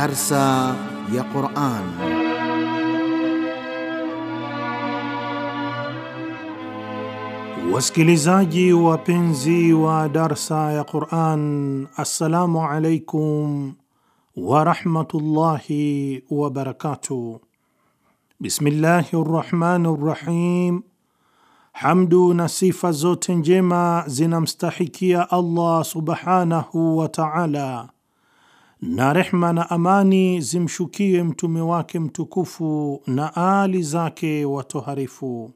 Darsa ya Quran. Wasikilizaji wapenzi wa darsa ya Quran, assalamu alaikum warahmatullahi wabarakatuh wa barakatuh. Bismillahi rahmani rahim. Hamdu na sifa zote njema zinamstahikia Allah subhanahu wa ta'ala na rehma na amani zimshukie mtume wake mtukufu na aali zake watoharifu.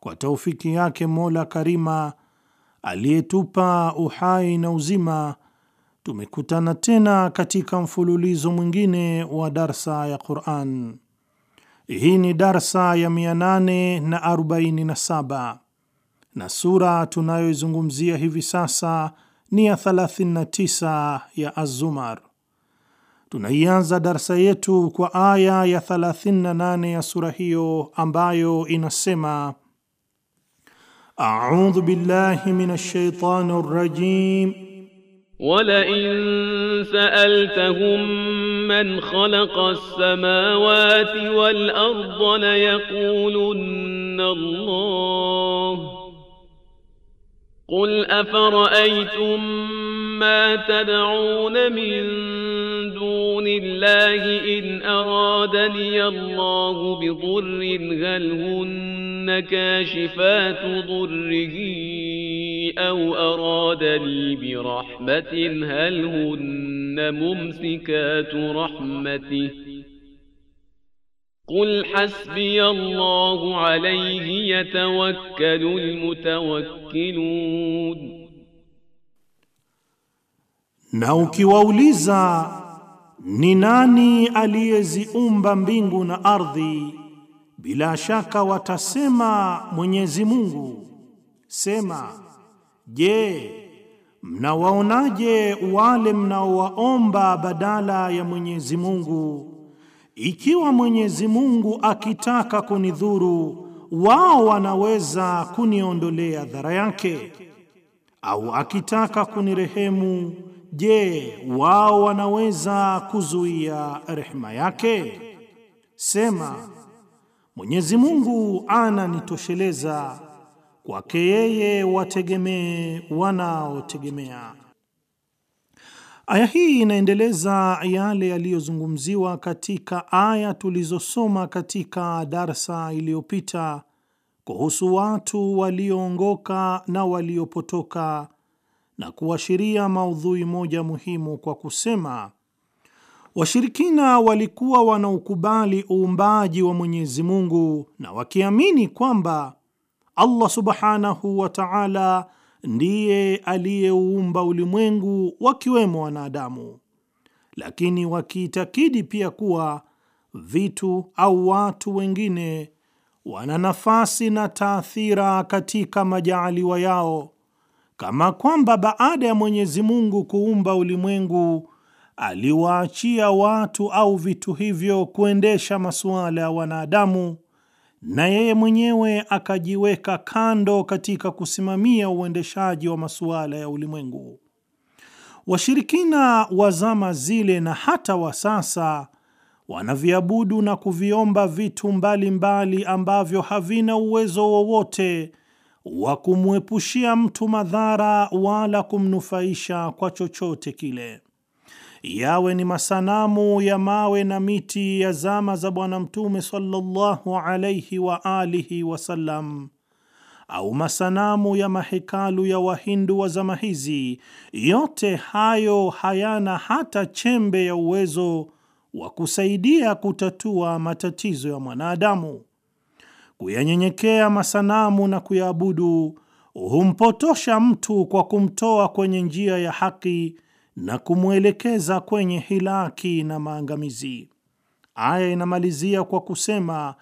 Kwa taufiki yake Mola Karima aliyetupa uhai na uzima, tumekutana tena katika mfululizo mwingine wa darsa ya Quran. Hii ni darsa ya 847 na sura tunayoizungumzia hivi sasa ni ya 39 ya Az-Zumar. Tunaianza darsa yetu kwa aya ya 38 ya sura hiyo ambayo inasema: audhu billahi minash shaitani rrajim walain saaltahum man khalaqa as-samawati wal arda layaqulunna Allah qul afara'aytum ما تدعون من دون الله إن أرادني الله بضر هل هن كاشفات ضره أو أرادني برحمة هل هن ممسكات رحمته قل حسبي الله عليه يتوكل المتوكلون Na ukiwauliza ni nani aliyeziumba mbingu na ardhi, bila shaka watasema Mwenyezi Mungu. Sema, je, mnawaonaje wale mnaowaomba badala ya Mwenyezi Mungu? Ikiwa Mwenyezi Mungu akitaka kunidhuru, wao wanaweza kuniondolea dhara yake, au akitaka kunirehemu Je, wao wanaweza kuzuia rehema yake? Sema, Mwenyezi Mungu ananitosheleza, kwake yeye wategemee wanaotegemea. Aya hii inaendeleza yale yaliyozungumziwa katika aya tulizosoma katika darsa iliyopita kuhusu watu walioongoka na waliopotoka na kuashiria maudhui moja muhimu kwa kusema, washirikina walikuwa wanaukubali uumbaji wa Mwenyezi Mungu na wakiamini kwamba Allah subhanahu wa ta'ala ndiye aliyeuumba ulimwengu wakiwemo wanadamu, lakini wakiitakidi pia kuwa vitu au watu wengine wana nafasi na taathira katika majaaliwa yao kama kwamba baada ya Mwenyezi Mungu kuumba ulimwengu aliwaachia watu au vitu hivyo kuendesha masuala ya wanadamu, na yeye mwenyewe akajiweka kando katika kusimamia uendeshaji wa masuala ya ulimwengu. Washirikina wa zama zile na hata wa sasa wanaviabudu na kuviomba vitu mbalimbali mbali ambavyo havina uwezo wowote wa kumwepushia mtu madhara wala kumnufaisha kwa chochote kile, yawe ni masanamu ya mawe na miti ya zama za Bwana Mtume sallallahu alaihi wa alihi wasallam au masanamu ya mahekalu ya Wahindu wa zama hizi, yote hayo hayana hata chembe ya uwezo wa kusaidia kutatua matatizo ya mwanadamu kuyanyenyekea masanamu na kuyaabudu humpotosha mtu kwa kumtoa kwenye njia ya haki na kumwelekeza kwenye hilaki na maangamizi. Aya inamalizia kwa kusema,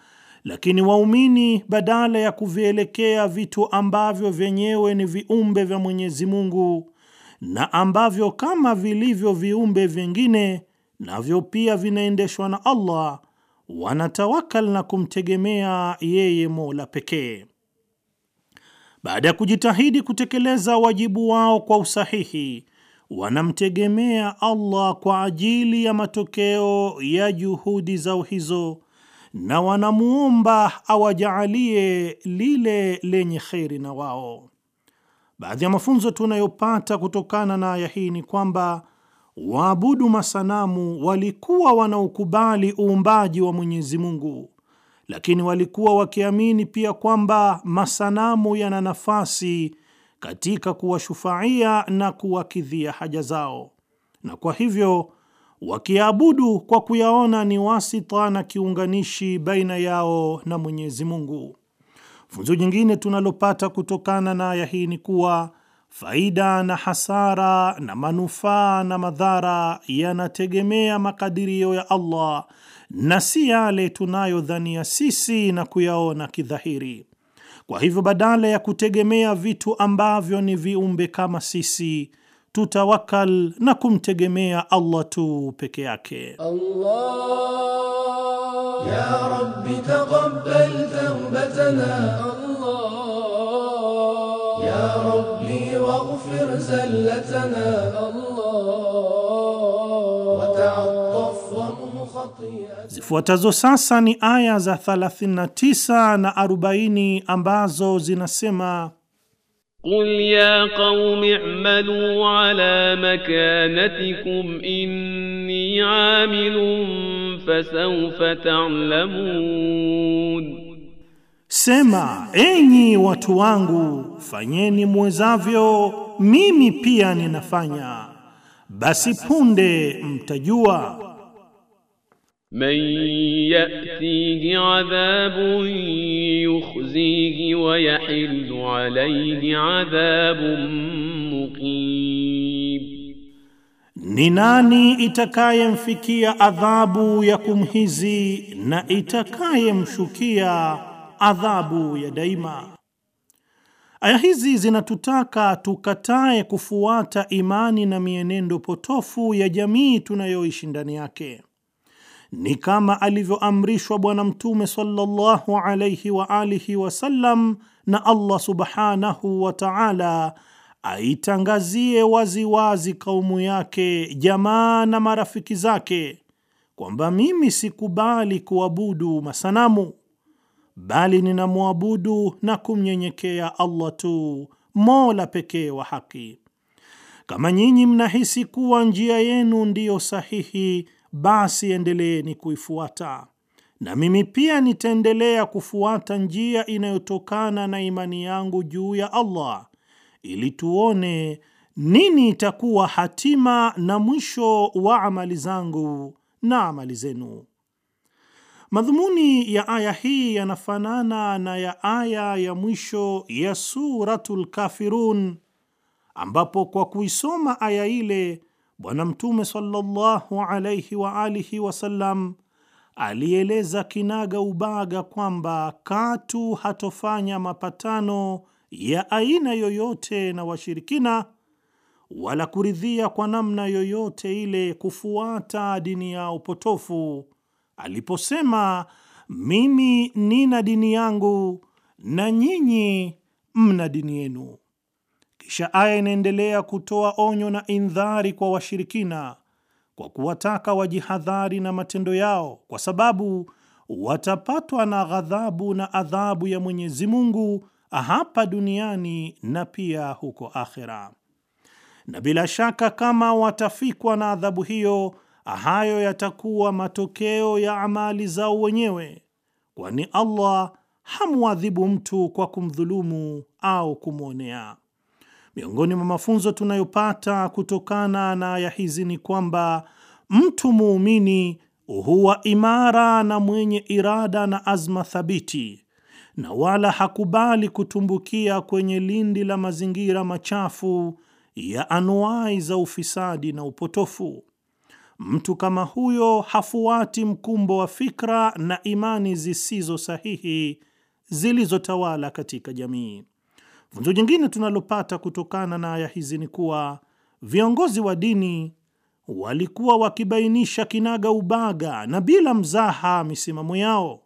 lakini waumini badala ya kuvielekea vitu ambavyo vyenyewe ni viumbe vya Mwenyezi Mungu na ambavyo kama vilivyo viumbe vingine navyo pia vinaendeshwa na Allah wanatawakal na kumtegemea yeye Mola pekee. Baada ya kujitahidi kutekeleza wajibu wao kwa usahihi, wanamtegemea Allah kwa ajili ya matokeo ya juhudi zao hizo na wanamuomba awajaalie lile lenye kheri na wao. Baadhi ya mafunzo tunayopata kutokana na aya hii ni kwamba waabudu masanamu walikuwa wanaokubali uumbaji wa Mwenyezi Mungu, lakini walikuwa wakiamini pia kwamba masanamu yana nafasi katika kuwashufaia na kuwakidhia haja zao, na kwa hivyo wakiabudu kwa kuyaona ni wasita na kiunganishi baina yao na Mwenyezi Mungu. Funzo jingine tunalopata kutokana na aya hii ni kuwa Faida na hasara na manufaa na madhara yanategemea makadirio ya Allah na si yale tunayodhania sisi na kuyaona kidhahiri. Kwa hivyo, badala ya kutegemea vitu ambavyo ni viumbe kama sisi, tutawakal na kumtegemea Allah tu peke yake. Allah ya Rabbi taqabbal tawbatana زلتنا Zifuatazo sasa ni aya za 39 na 40 ambazo zinasema Qul ya qaumi i'malu ala makanatikum inni amilun fasawfa ta'lamun ta Sema, enyi watu wangu, fanyeni mwezavyo, mimi pia ninafanya, basi punde mtajua. Man yatihi adhabun yukhzihi wa yahillu alayhi adhabun muqim, ni nani itakayemfikia adhabu ya kumhizi na itakayemshukia adhabu ya daima. Aya hizi zinatutaka tukatae kufuata imani na mienendo potofu ya jamii tunayoishi ndani yake, ni kama alivyoamrishwa Bwana Mtume sallallahu alaihi wa alihi wasallam na Allah subhanahu wa taala aitangazie waziwazi kaumu yake, jamaa na marafiki zake kwamba mimi sikubali kuabudu masanamu bali ninamwabudu na kumnyenyekea Allah tu, Mola pekee wa haki. Kama nyinyi mnahisi kuwa njia yenu ndiyo sahihi, basi endeleeni kuifuata, na mimi pia nitaendelea kufuata njia inayotokana na imani yangu juu ya Allah, ili tuone nini itakuwa hatima na mwisho wa amali zangu na amali zenu. Madhumuni ya aya hii yanafanana na ya aya ya mwisho ya Suratul Kafirun, ambapo kwa kuisoma aya ile Bwana Mtume sallallahu alaihi wa alihi wasallam alieleza kinaga ubaga kwamba katu hatofanya mapatano ya aina yoyote na washirikina wala kuridhia kwa namna yoyote ile kufuata dini yao potofu aliposema, mimi nina dini yangu na nyinyi mna dini yenu. Kisha aya inaendelea kutoa onyo na indhari kwa washirikina kwa kuwataka wajihadhari na matendo yao, kwa sababu watapatwa na ghadhabu na adhabu ya Mwenyezi Mungu hapa duniani na pia huko akhera, na bila shaka kama watafikwa na adhabu hiyo hayo yatakuwa matokeo ya amali zao wenyewe, kwani Allah hamwadhibu mtu kwa kumdhulumu au kumwonea. Miongoni mwa mafunzo tunayopata kutokana na aya hizi ni kwamba mtu muumini huwa imara na mwenye irada na azma thabiti, na wala hakubali kutumbukia kwenye lindi la mazingira machafu ya anuwai za ufisadi na upotofu mtu kama huyo hafuati mkumbo wa fikra na imani zisizo sahihi zilizotawala katika jamii. Funzo jingine tunalopata kutokana na aya hizi ni kuwa viongozi wa dini walikuwa wakibainisha kinaga ubaga na bila mzaha misimamo yao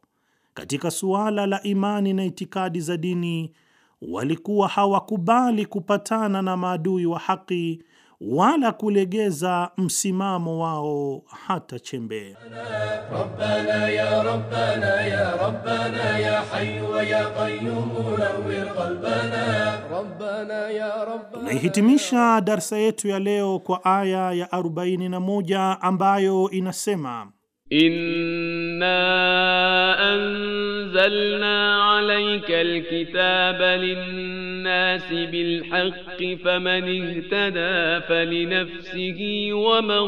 katika suala la imani na itikadi za dini. Walikuwa hawakubali kupatana na maadui wa haki wala kulegeza msimamo wao hata chembe. Tunaihitimisha darsa yetu ya leo kwa aya ya 41 ambayo inasema إنا أنزلنا عليك الكتاب للناس بالحق فمن اهتدى فلنفسه ومن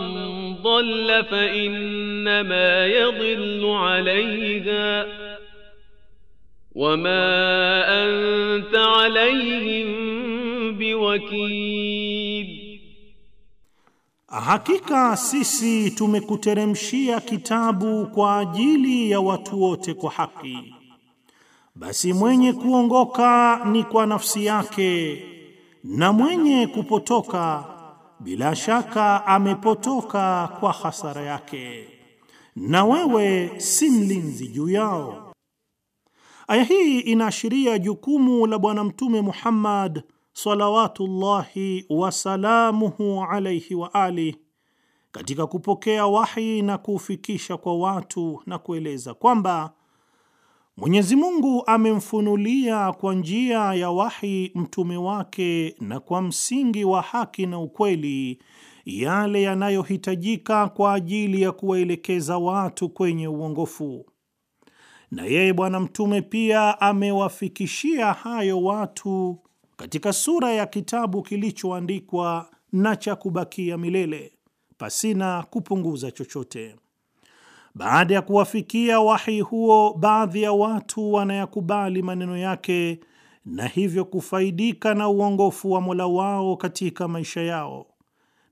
ضل فإنما يضل عليها وما أنت عليهم بوكيل Hakika sisi tumekuteremshia kitabu kwa ajili ya watu wote kwa haki. Basi mwenye kuongoka ni kwa nafsi yake, na mwenye kupotoka bila shaka amepotoka kwa hasara yake, na wewe si mlinzi juu yao. Aya hii inaashiria jukumu la Bwana Mtume Muhammad salawatullahi wasalamuhu alaihi wa ali katika kupokea wahi na kufikisha kwa watu na kueleza kwamba Mwenyezi Mungu amemfunulia kwa njia ya wahi mtume wake na kwa msingi wa haki na ukweli yale yanayohitajika kwa ajili ya kuwaelekeza watu kwenye uongofu. Na yeye Bwana Mtume pia amewafikishia hayo watu katika sura ya kitabu kilichoandikwa na cha kubakia milele pasina kupunguza chochote. Baada ya kuwafikia wahi huo, baadhi ya watu wanayakubali maneno yake na hivyo kufaidika na uongofu wa Mola wao katika maisha yao,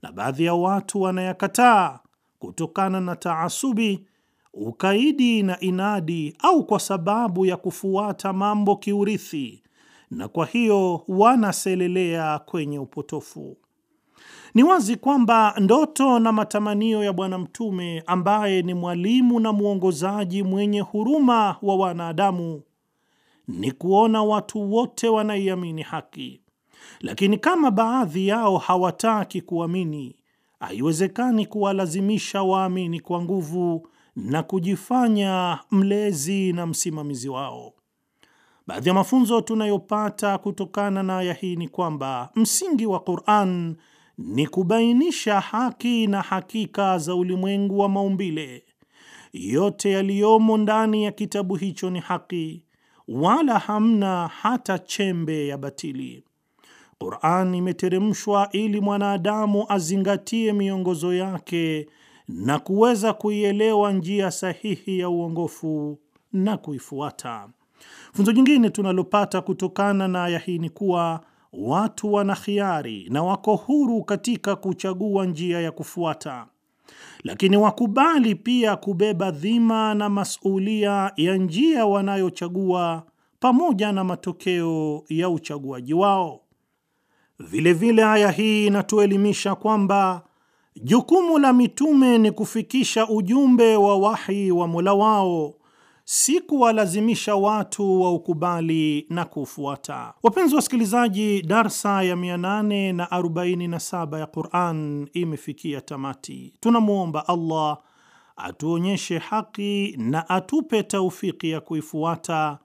na baadhi ya watu wanayakataa kutokana na taasubi, ukaidi na inadi, au kwa sababu ya kufuata mambo kiurithi na kwa hiyo wanaselelea kwenye upotofu. Ni wazi kwamba ndoto na matamanio ya Bwana Mtume, ambaye ni mwalimu na mwongozaji mwenye huruma wa wanadamu, ni kuona watu wote wanaiamini haki, lakini kama baadhi yao hawataki kuamini, haiwezekani kuwalazimisha waamini kwa nguvu na kujifanya mlezi na msimamizi wao. Baadhi ya mafunzo tunayopata kutokana na aya hii ni kwamba msingi wa Qur'an ni kubainisha haki na hakika za ulimwengu wa maumbile. Yote yaliyomo ndani ya kitabu hicho ni haki, wala hamna hata chembe ya batili. Qur'an imeteremshwa ili mwanadamu azingatie miongozo yake na kuweza kuielewa njia sahihi ya uongofu na kuifuata. Funzo jingine tunalopata kutokana na aya hii ni kuwa watu wana khiari na wako huru katika kuchagua njia ya kufuata, lakini wakubali pia kubeba dhima na masulia ya njia wanayochagua pamoja na matokeo ya uchaguaji wao. Vilevile aya hii inatuelimisha kwamba jukumu la mitume ni kufikisha ujumbe wa wahi wa Mola wao si kuwalazimisha watu wa ukubali na kuufuata. Wapenzi wasikilizaji, darsa ya 847 ya Quran imefikia tamati. Tunamwomba Allah atuonyeshe haki na atupe taufiki ya kuifuata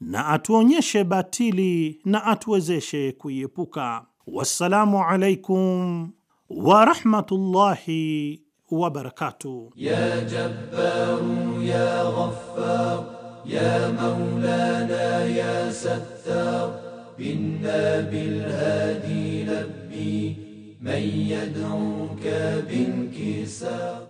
na atuonyeshe batili na atuwezeshe kuiepuka. Wassalamu alaikum warahmatullahi وبركاته يا جبار يا غفار يا مولانا يا ستار بنا بالهادي لبي من يدعوك بانكسار